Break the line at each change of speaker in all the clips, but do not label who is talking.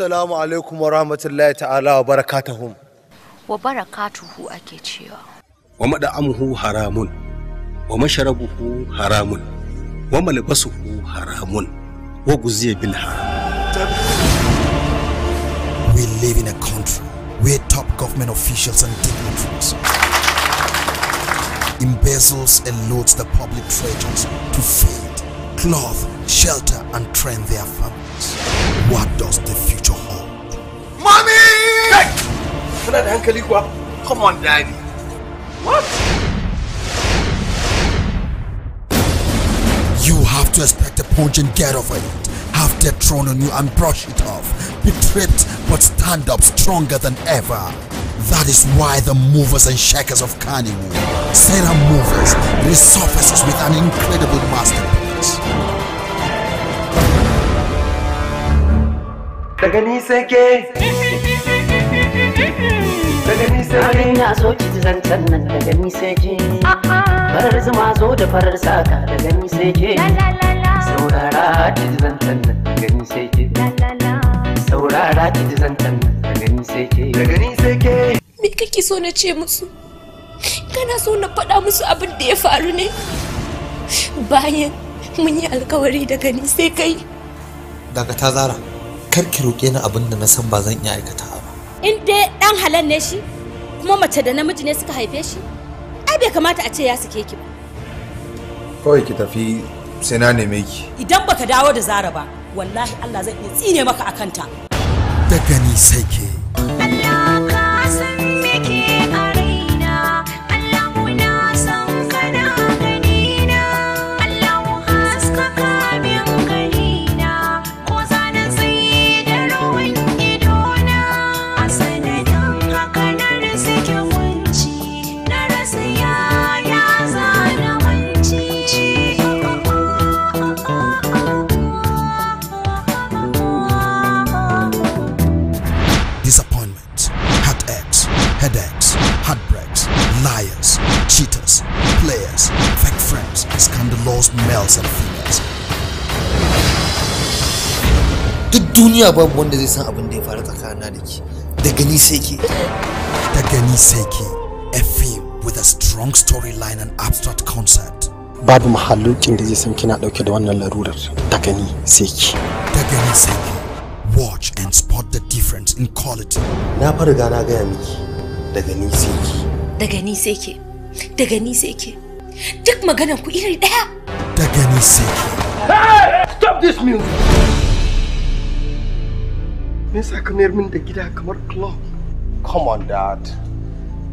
Assalamu alaikum wa rahmatullahi ta'ala wa barakatuhum. Wa barakatuhu ake cewa. Wa mada'amuhu haramun, wa masharabuhu haramun, wa malibasuhu haramun, wa guziya bil haram. We live in a country where top government officials and dignitaries embezzles and loads the public treasures to feed, clothe, shelter and train their families. What does the future hold? Mommy! Hey! Come on, daddy. What? You have to expect a punch and get over it. Have death thrown on you and brush it off. Be tripped, but stand up stronger than ever. That is why the movers and shakers of Carnival, Sarah Movers, resurfaces with an incredible masterpiece. daga ni sai ke daga ni sai ke na so ki ji zancen nan daga ni sai ke ah, ah. farar zuma zo da farar saka daga ni sai ke saurara ki ji zancen nan daga ni sai ke saurara ki ji zancen nan daga ni sai ke daga ni sai ke me kake so na ce musu kana so na faɗa musu abin da ya faru ne bayan mun yi alkawari daga ni sai kai daga ta kar ki roƙe ni abin da na san ba zan iya aikata ba in dai dan halal ne shi kuma mace da namiji ne suka haife shi ai bai kamata a ce ya suke ki ba kawai ki tafi sai na neme ki idan baka dawo da zara ba wallahi Allah zai iya tsine maka a daga ni sai ke heartbreaks, liars, cheaters, players, fake friends, scandalous males and females. Duk duniya babu wanda zai san abin da ya faru tsakanina da ke. Daga ni sai ke. Daga ni sai ke. A film with a strong storyline and abstract concept. Babu mahallukin da zai san kina dauke da wannan larurar. Daga ni sai ke. Daga ni sai ke. Watch and spot the difference in quality. Na fara gana gaya miki. daga nisa yake daga nisa yake daga nisa yake duk maganar ku iri daya daga nisa yake stop this music me yasa ka nemi min da gida kamar club come on dad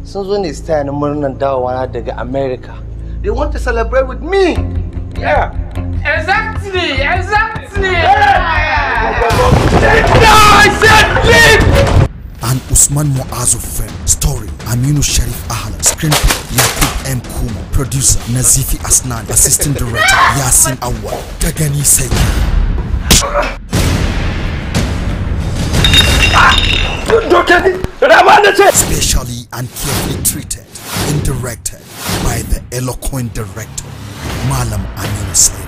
sun zo ne su na murnan dawowa na daga america they want to celebrate with me yeah exactly exactly Usman Mu'azu Film Story Aminu Sharif Ahlan Screenplay Yakub M. Kuma Producer Nazifi Asnan Assistant Director Yasin Awal Tagani Saiki Specially and carefully treated and directed by the eloquent director, Malam aminu Said.